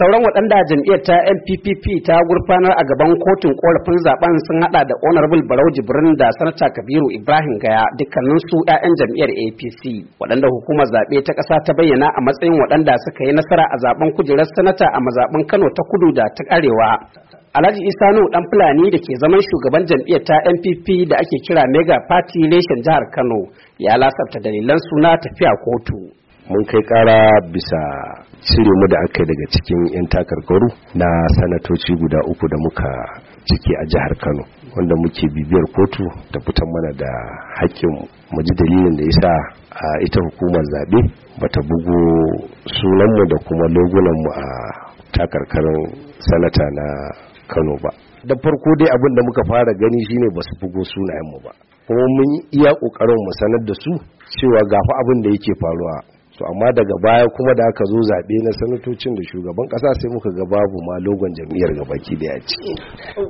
sauran waɗanda jam'iyyar ta npp ta gurfanar a gaban kotun korafin zaben sun hada da honorable barau jibrin da sanata kabiru ibrahim gaya dukkanin su 'ya'yan jam'iyyar apc waɗanda hukumar zaɓe ta ƙasa ta bayyana a matsayin waɗanda suka yi nasara a zaben kujerar sanata a mazaɓen kano ta kudu da ta arewa Alhaji Isanu dan Fulani da ke zaman shugaban jam'iyyar ta NPP da ake kira Mega Party Nation jihar Kano ya lasafta dalilan suna tafiya kotu. mun kai kara bisa cire mu da aka daga cikin 'yan takarkaru na sanatoci guda uku da muka ciki a jihar kano wanda muke bibiyar kotu da fitan mana da hakkin mu ji dalilin da yasa a ita hukumar zaɓe bata bugu sunanmu da kuma mu a takarkarin sanata na kano ba da farko dai abin da muka fara gani shine ba su bugo sunayenmu ba kuma mun iya ƙoƙarin mu sanar da su cewa gafa abin da yake faruwa to amma daga baya kuma da aka zo zaɓe na sanatocin da shugaban ƙasa sai muka ga babu ma logon jam'iyyar gabaki da ya ci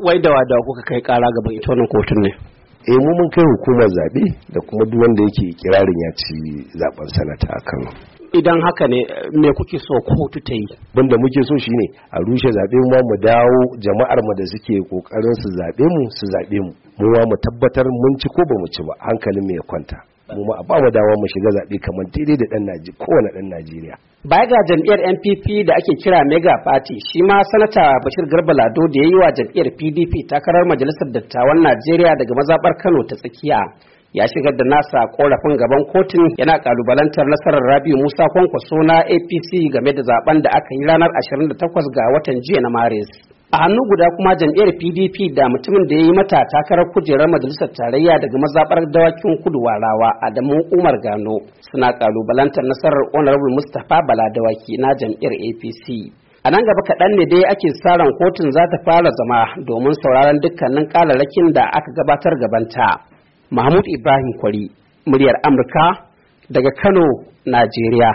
wai da wada kuka kai ƙara gaban ita wannan kotun ne e mu mun kai hukumar zaɓe da kuma duk wanda yake kirarin ya ci zaɓen sanata a Kano idan haka ne me kuke so kotu ta yi banda muke so shine a rushe zaɓe mu mu dawo jama'ar mu da suke kokarin su zaɓe mu su zaɓe mu mu ma mu tabbatar mun ci ko ba mu ci ba hankalin mu ya kwanta mu ma a ba mu mu shiga zaɓe kamar daidai da ɗan Najeriya kowane ɗan Najeriya. Baya ga jam'iyyar NPP da ake kira Mega Party shi ma sanata Bashir Garba Lado da ya yi wa jam'iyyar PDP takarar majalisar dattawan Najeriya daga mazaɓar Kano ta tsakiya. ya shigar da nasa korafin gaban kotun yana kalubalantar nasarar rabi'u musa kwankwaso na apc game da zaben da aka yi ranar 28 ga watan jiya na maris a hannu guda kuma jam'iyyar pdp da mutumin da ya yi mata takarar kujerar majalisar tarayya daga mazaɓar dawakin kudu warawa adamu umar gano suna kalubalantar nasarar honorable mustapha bala dawaki na jam'iyyar apc a nan gaba kaɗan ne dai ake tsaron kotun za ta fara zama domin sauraron dukkanin ƙararrakin da aka gabatar gabanta mahmud ibrahim kwari muryar amurka daga kano najeriya